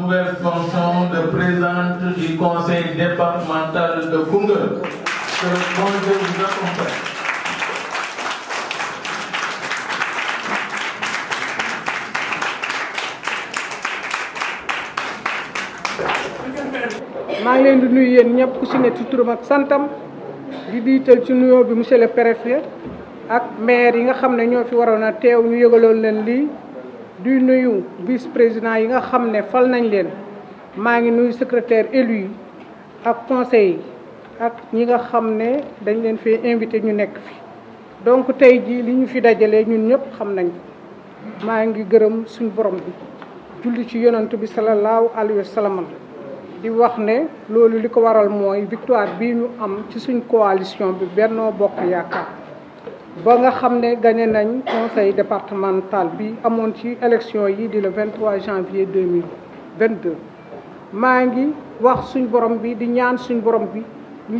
nouvelle maa ngi leen di nuyu yéen ñëpp ci ne ci turam ak santam di diital ci nuyoo bi monsieur le préfet ak maire yi nga xam ne ñoo fi waroon a teew ñu yëgaloon leen lii du nuyu vice président yi nga xam ne fal nañ leen maa ngi nuyu secrétaire élu yi ak conseil ak ñi nga xam ne dañ leen fee invité ñu nekk fi donc tey jii li ñu fi dajalee ñun ñëpp xam nañ maa ngi gërëm suñ borom bi julli ci yonant bi salallaahu alayhi wa sallam di wax ne loolu li ko waral mooy victoire bi ñu am ci suñ coalition bi bennoo Bokk Yaakaar ba nga xam ne gane nañ conseil départemental bi amoon ci élection yi di le 23 janvier 2022 maa ngi wax suñ borom bi di ñaan suñ borom bi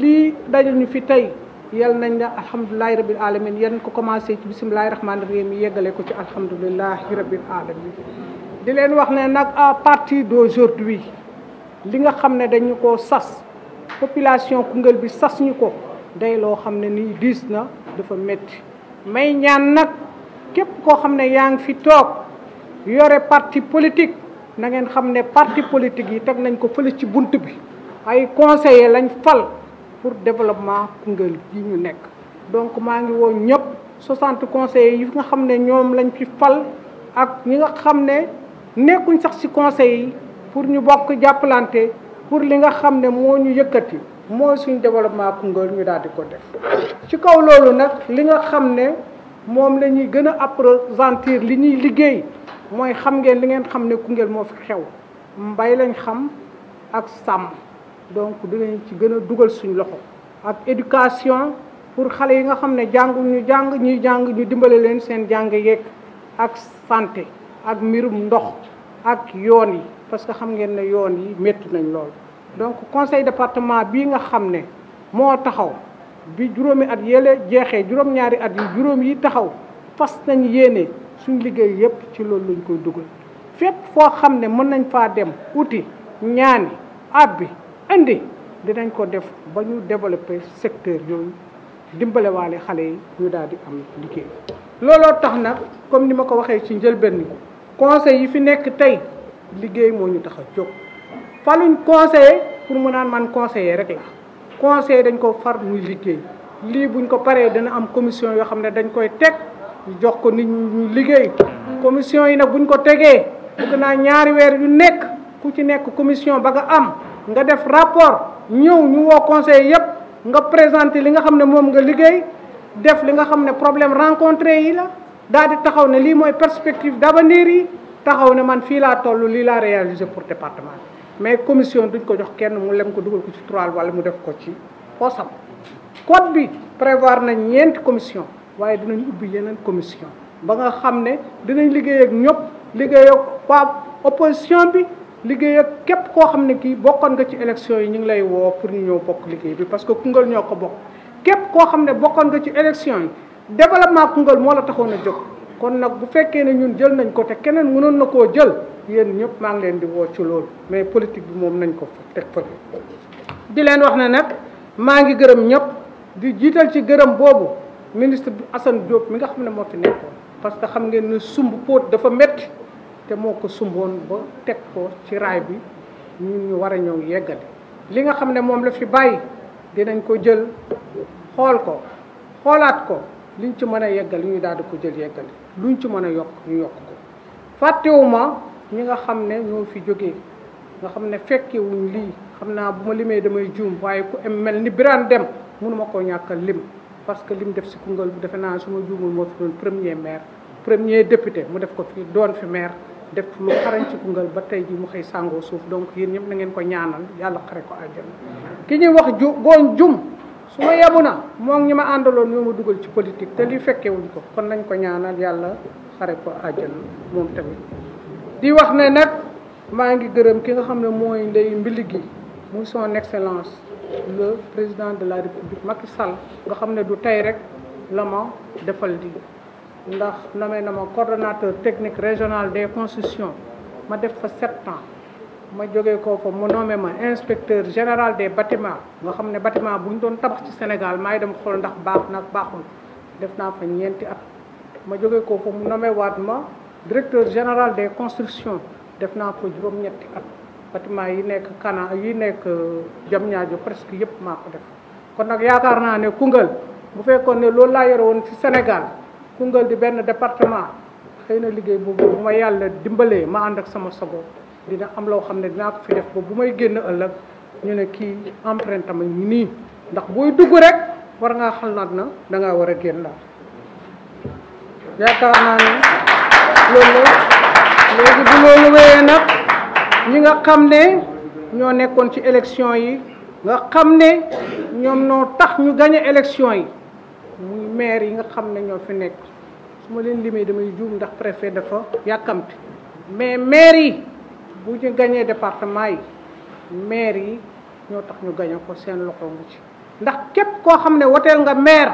lii dañu fi tey yal nañ ne alhamdulilahi rabil alamin yéen ko commencé ci bisimilahi rahmaani rahim yeggale ko ci alhamdulilahi rabil alamin di leen wax ne nag à partir d'aujourd'hui li nga xam ne dañu ko sas population Koungheul bi sas ñu ko day loo xam ne nii diis na dafa métti may ñaan nag képp koo xam ne yaa ngi fi toog yore parti politique na ngeen xam ne parti politique yi teg nañ ko fële ci bunt bi ay conseiller lañ fal pour développement Koungheul yi ñu nekk donc maa ngi woon ñëpp soixante conseillers yi nga xam ne ñoom lañ fi fal ak ñi nga xam ne nekkuñ sax ci conseil yi pour ñu bokk jàppalante pour li nga xam ne moo ñu yëkkati mooy suñ développement Koungheul ñu daal di ko def ci kaw loolu nag li nga xam ne moom la ñuy gën a approfondir li ñuy liggéey mooy xam ngeen li ngeen xam ne Koungheul moo fi xew mbay lañ xam ak sàmm donc dinañ ci gën a dugal suñ loxo ak éducation pour xale yi nga xam ne jàngu ñu jàng ñuy jàng ñu dimbale leen seen jàng yeeg ak santé ak mbirum ndox ak yoon yi parce que xam ngeen ne yoon yi métti nañ lool donc conseil département bii nga xam ne moo taxaw bi juróomi at yële jeexee juróom-ñaari at yi juróom yi taxaw fas nañ yéene suñ liggéey yépp ci loolu lañ koy dugg fépp foo xam ne mën nañ faa dem uti ñaani abbi indi dinañ ko def ba ñu développer secteur yooyu dimbalewaale xale yi ñu daal di am liggéey looloo tax na comme ni ma ko waxee ci njëlbeen yi conseil yi fi nekk tey liggéey moo ñu tax a jóg faluñ conseil pour mu naan man conseiller rek la conseiller dañ ko far muy liggéey lii buñ ko paree dana am commission yoo xam ne dañ koy teg jox ko nit ñu liggéey commission yi nag buñ ko tegee bëgg naa ñaari weer yu nekk ku ci nekk commission ba nga am nga def rapport ñëw ñu woo conseil yëpp nga présenter li nga xam ne moom nga liggéey def li nga xam ne problème rencontrer yi la daal di taxaw ne lii mooy perspective d'avenir yi taxaw ne man fii laa toll lii laa réalisé pour département mais commission duñ ko jox kenn mu lem ko dugal ko ci trois wala mu def ko ci poosam code bi prévoir na ñeenti commission waaye dinañ ubbi yeneen commission ba nga xam ne dinañ liggéey ñëpp liggéey ak waa opposition bi liggéey ak képp koo xam ne kii bokkoon nga ci élection yi ñu ngi lay woo pour ñu ñëw bokk liggéey bi parce que Koungheul ñoo ko bokk képp koo xam ne bokkoon nga ci élection yi développement Koungheul moo la taxoon a jóg kon nag bu fekkee ne ñun jël nañ ko te keneen mënoon na koo jël yéen ñëpp maa ngi leen di woo ci loolu mais politique bi moom nañ ko teg fa di leen wax ne nag maa ngi gërëm ñëpp di jiital ci gërëm boobu ministre bu Assane Diop mi nga xam ne moo fi nekkoon parce que xam ngeen ne sumb póot dafa métti te moo ko sumboon ba teg ko ci raay bi ñun ñu war a ñëw yeggale li nga xam ne moom la fi bàyyi dinañ ko jël xool ko xoolaat ko liñ ci mën a yeggal ñu daal di ko jël lu luñ ci mën a yokk ñu yokk ko fàttewuma ñi nga xam ne ñoo fi jógee nga xam ne fekkewuñ lii xam naa bu ma limee damay juum waaye ku mel ni Birane Dem mënuma koo ñàkkal lim parce que lim def si Koungheul bu defe naa suma ma juumul moo fi doon premier maire premier député mu def ko fii doon fi maire def lu xarañ ci Koungheul ba tey ji mu xëy sàngoo suuf donc yéen ñëpp na ngeen ko ñaanal yàlla xare ko àjjana ki su ma na moom ñi ma àndaloon ñoo ma dugal ci politique te li fekkewuñ ko kon nañ ko ñaanal yàlla xare ko àjjana moom tamit di wax ne nag maa ngi gërëm ki nga xam ne mooy ndey mbili gi muy son excellence le président de la république Macky Sall nga xam ne du tey rek la ma defal lii ndax nommé na ma coordonnateur technique régional des constructions ma def fa sept ans ma jógee kooku mu nommé ma inspecteur général des bâtiments nga xam ne bâtiment bu ñu doon tabax ci Sénégal maay dem xool ndax baax nag baaxul def naa fa ñeenti at ma jóge jógee kooku mu nommé waat ma directeur général des constructions def naa ko juróom-ñetti at bâtiment yi nekk Kana yi nekk euh, Diamniadio presque yëpp maa ko def kon nag yaakaar naa ne Koungheul bu fekkoon ne loolu laa yore woon ci Sénégal Koungheul di benn département xëy na liggéey boobu bu ma yàlla dimbalee ma ànd ak sama sago dina am loo xam ne dinaa ko fi def ba bu may génn ëllëg ñu ne kii empreinte am ñu nii ndax booy dugg rek war ngaa xal naat na da ngaa war a génn daal yaakaar naa ne loolu ñi nga xam ne ñoo nekkoon ci élection yi nga xam ne ñoom noo tax ñu gañe élection yi muy mair yi nga xam ne ñoo fi nekk su ma leen limee damay juum ndax préfet dafa yàkkamti mais maire yi bu ñu gañee département yi maire yi ñoo tax ñu gañe ko seen loxo ngi ci ndax képp koo xam ne woteel nga mair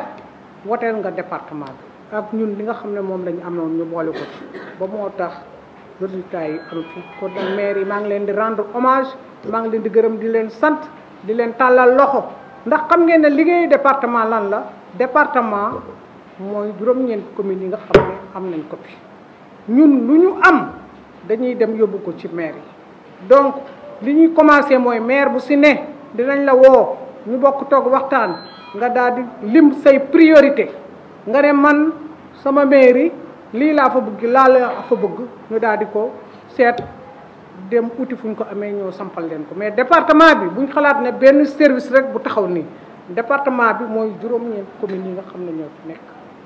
woteel nga département bi ak ñun li nga xam ne moom lañu am noonu ñu boole ba moo tax résultat yi am ci kon nag yi maa ngi leen di rendre hommage maa ngi leen di gërëm di leen sant di leen tàllal loxo ndax xam ngeen ne liggéeyu département lan la département mooy juróom-ñeent communes yi nga xam am nañ ko fi ñun lu ñu am dañuy dem yóbbu ko ci maire yi donc li ñuy commencé mooy maire bu si ne dinañ la woo ñu bokk toog waxtaan nga daal di lim say priorité nga ne man sama mairie lii laa fa bëgg laa la fa bëgg ñu daal di ko seet dem uti fu ñu ko amee ñoo sampal leen ko mais département bi buñ xalaat ne benn service rek bu taxaw nii département bi mooy juróom-ñeent communes yi nga xam na ñoo fi nekk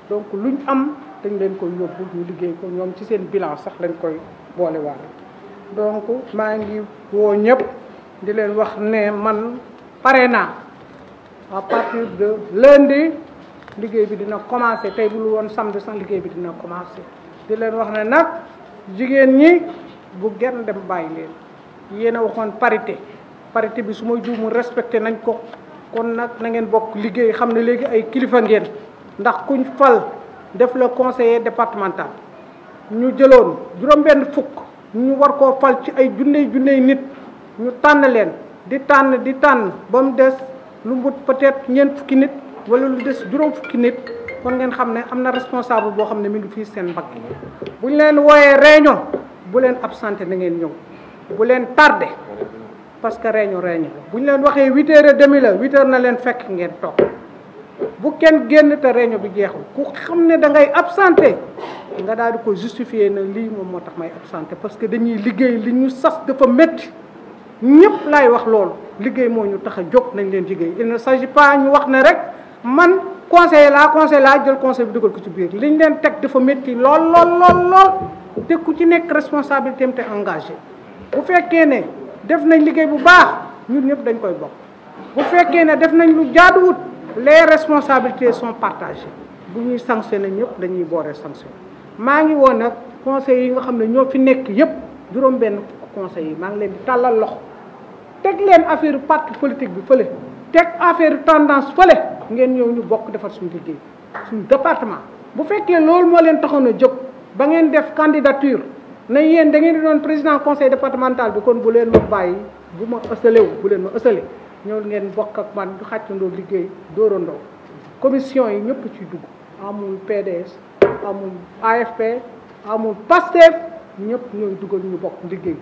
donc luñ am dañ leen koy yóbbu ñu liggéey ko ñoom ci seen bilan sax lañ koy boole waale donc maa ngi woo ñëpp di leen wax ne man pare naa à partir de lundi liggéey bi dina commencé tey bu lu woon samedi sax liggéey bi dina commencé di leen wax ne nag jigéen ñi bu gën dem bàyyi leen yéen a waxoon parité parité bi su ma mu respecté nañ ko kon nag na ngeen bokk liggéey xam ne léegi ay kilifa ngeen ndax kuñ fal def la conseiller départemental ñu jëloon juróom-benn fukk ñu war koo fal ci ay junney junney nit ñu tànn leen di tànn di tànn ba mu des lu mut peut-être fukki nit wala lu des juróom fukki nit kon ngeen xam ne am na responsable boo xam ne mu ngi fii seen mbagg bu ñu leen wooyee réunion bu leen absenté na ngeen ñëw bu leen tardé parce que réunion réunion bu ñu leen waxee huit heures et demi la huit na leen fekk ngeen toog bu kenn génn te réunion bi jeexul ku xam ne dangay ngay absenté nga daal di ko justifier na lii moom moo tax may absenté parce que dañuy liggéey li ñu sas dafa métti ñëpp laay wax loolu liggéey moo ñu tax a jóg nañ leen liggéey il ne s'agit pas ñu wax ne rek man conseiller laa conseil laa jël conseil bi dugal ko ci biir liñ leen teg dafa métti lool lool lool lool te ku ci nekk responsabilité am te engagé bu fekkee ne def nañ liggéey bu baax ñun ñëpp dañ koy bokk bu les responsabilités sont partage bu ñuy sanctionné ñëpp dañuy booree sanction maa ngi woon nag conseil yi nga xam ne ñoo fi nekk yëpp juróom-benn conseil yi maa ngi leen di tàllal loxo teg leen affaire parti politique bi fële teg affaire tendance fële ngeen ñëw ñu bokk defar suñu liggéey suñu département. bu fekkee loolu moo leen taxoon a jóg ba ngeen def candidature na yeen da ngeen di doon président conseil départemental bi kon bu leen ma bàyyi bu ma ësalewu bu leen ma ësale ñëw ngeen bokk ak man ñu xàccandoo liggéey dóorandoo commission yi ñëpp ci dugg amul PDS amul AFP amul PASTEF ñëpp ñooy dugal ñu bokk liggéey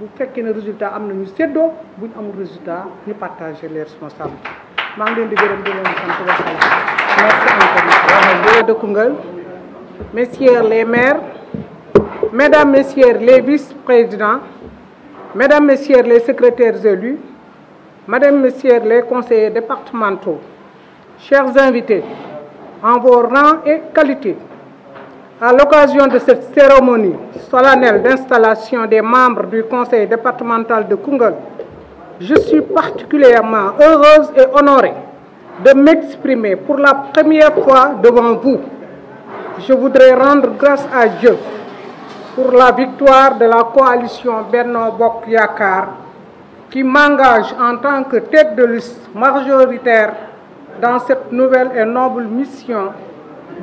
bu fekkee ne résultat am na ñu séddoo bu ñu amul résultat ñu partagé les responsabilités maa ngi leen di gërëm di leen sant wasalaam merci encore bureau de Koungheul messieurs les maires mesdames messieurs les vice-présidents mesdames messieurs les secrétaires élus Madame, Messieurs les conseillers départementaux, chers invités, en vos rangs et qualités, à l'occasion de cette cérémonie solennelle d'installation des membres du conseil départemental de Kungel, je suis particulièrement heureuse et honorée de m'exprimer pour la première fois devant vous. Je voudrais rendre grâce à Dieu pour la victoire de la coalition Bernard Bok qui m'engage en tant que tête de liste majoritaire dans cette nouvelle noble mission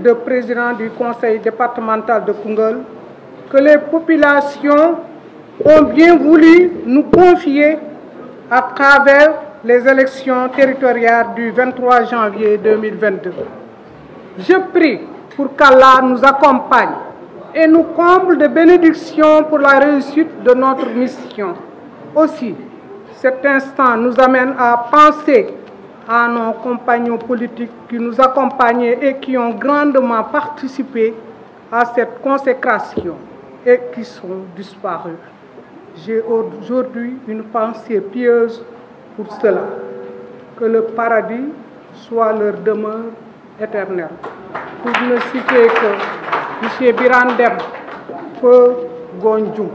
de président du conseil départemental de Koungheul, que les bien voulu nous confier à travers les élections territoriales du 23 janvier 2022. Je prie pour qu'Allah nous accompagne et nous de bénédictions pour la réussite de notre mission. Aussi, cet instant nous amène à penser à nos compagnons politiques qui nous accompagnaient et qui ont grandement participé à cette consécration et qui sont disparus. J'ai aujourd'hui une pensée pieuse pour cela. Que le paradis soit leur demeure éternelle. Pour ne citer que M. Birandem, Feu Gonjou.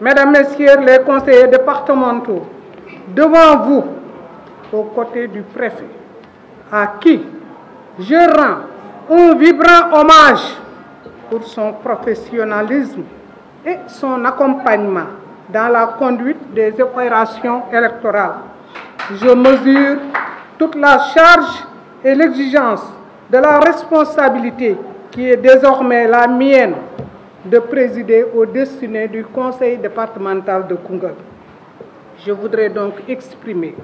Mesdames, Messieurs les conseillers départementaux, devant vous, aux côtés du préfet, à qui je rends un vibrant hommage pour son professionnalisme et son accompagnement dans la conduite des opérations électorales. Je mesure toute la charge et l'exigence de la responsabilité qui est désormais la mienne de présider aux destinées du Conseil départemental de Koungheul. Je voudrais donc exprimer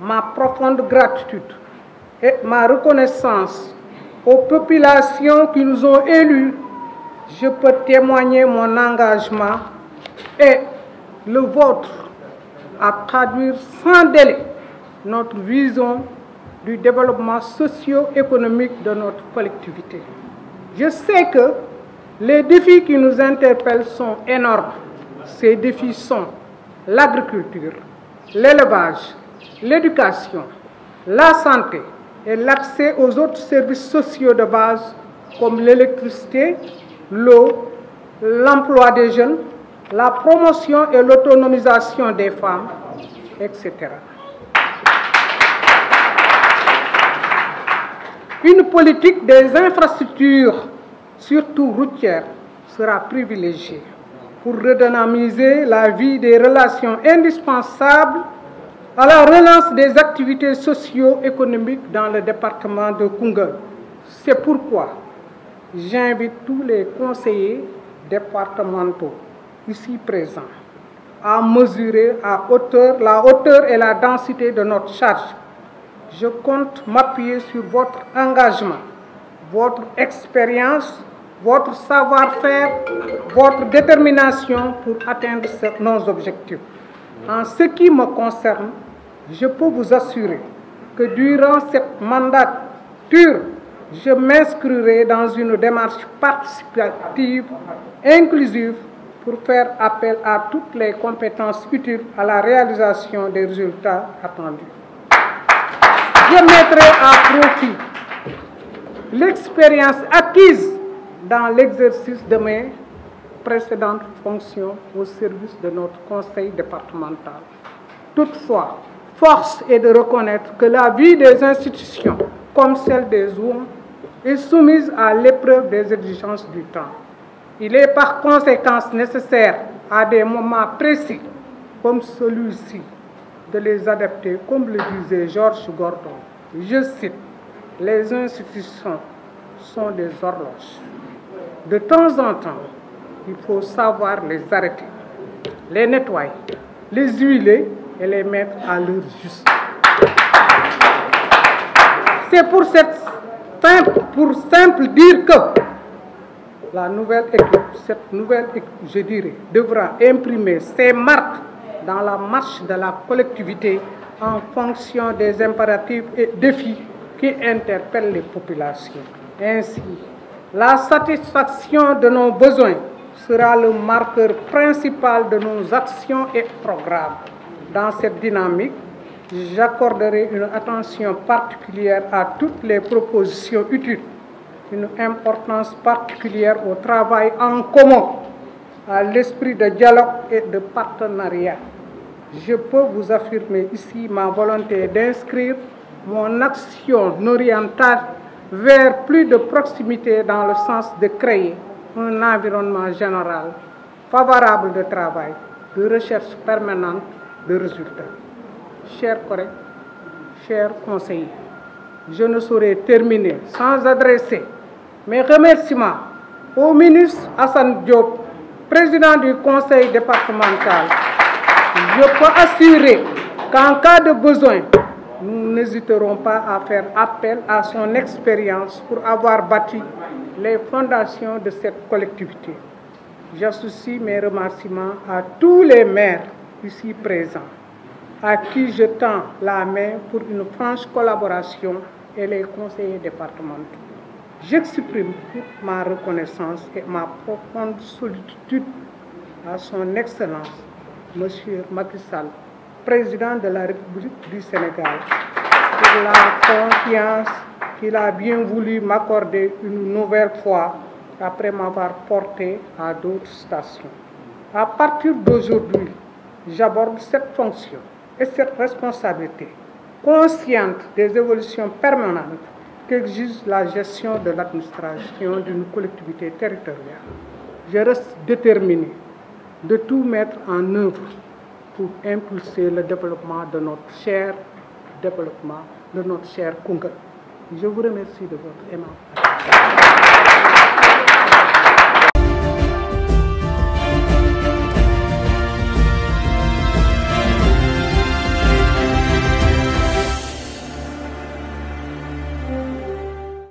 ma profonde gratitude et ma reconnaissance aux populations qui nous ont élus. Je peux témoigner mon engagement et le vôtre à traduire sans délai notre vision du développement socio-économique de notre collectivité. Je sais que Les défis qui nous interpellent sont énormes. Ces défis sont l'agriculture, l'élevage, l'éducation, la santé et l'accès aux autres services sociaux de base comme l'électricité, l'eau, l'emploi des jeunes, la promotion et l'autonomisation des femmes, etc. Une politique des infrastructures surtout routière, sera privilégiée pour redynamiser la vie des relations indispensables à la relance des activités socio-économiques dans le département de Koungheul. C'est pourquoi j'invite tous les conseillers départementaux ici présents à mesurer à hauteur, la hauteur et la densité de notre charge. Je compte m'appuyer sur votre engagement votre expérience, votre savoir-faire, votre détermination pour atteindre nos objectifs. En ce qui me concerne, je peux vous assurer que durant cette mandature, je m'inscrirai dans une démarche participative, inclusive, pour faire appel à toutes les compétences utiles à la réalisation des résultats attendus. Je mettrai à profit l'expérience acquise dans l'exercice de mes précédentes fonctions au service de notre conseil départemental. Toutefois, force est de reconnaître que la vie des institutions, comme celle des urnes, est soumise à l'épreuve des exigences du temps. Il est par conséquence nécessaire à des moments précis, comme celui-ci, de les adapter, comme le disait Georges Gordon. Je les institutions sont des horloges. De temps en temps, il faut savoir les arrêter, les nettoyer, les huiler et les mettre à leur juste. C'est pour cette pour simple dire que la nouvelle équipe, cette nouvelle équipe, je dirais, devra imprimer ses marques dans la marche de la collectivité en fonction des impératifs et défis qui interpelle les populations. Ainsi, la satisfaction de nos besoins sera le marqueur principal de nos actions et programmes. Dans cette dynamique, j'accorderai une attention particulière à toutes les propositions utiles, une importance particulière au travail en commun, à l'esprit de dialogue et de partenariat. Je peux vous affirmer ici ma volonté d'inscrire mon action n'orientage vers plus de proximité dans le sens de créer un environnement général favorable de travail, de recherche permanente de résultats. Chers collègues, chers conseillers, je ne saurais terminer sans adresser mes remerciements au ministre Hassan Diop, président du conseil départemental. Je peux assurer qu'en cas de besoin, nous n'hésiterons pas à faire appel à son expérience pour avoir bâti les fondations de cette collectivité. J'associe mes remerciements à tous les maires ici présents, à qui je tends la main pour une franche collaboration et les conseillers départementaux. J'exprime toute ma reconnaissance et ma profonde solitude à son Excellence, Monsieur Macky Sall, président de la République du Sénégal pour la confiance qu'il a bien voulu m'accorder une nouvelle fois après m'avoir porté à d'autres stations. À partir d'aujourd'hui, j'aborde cette fonction et cette responsabilité, consciente des évolutions permanentes qu'exige la gestion de l'administration d'une collectivité territoriale. Je reste déterminé de tout mettre en œuvre pour impulser le développement de notre cher développement, de notre cher Kunga. Je vous remercie de votre aimant.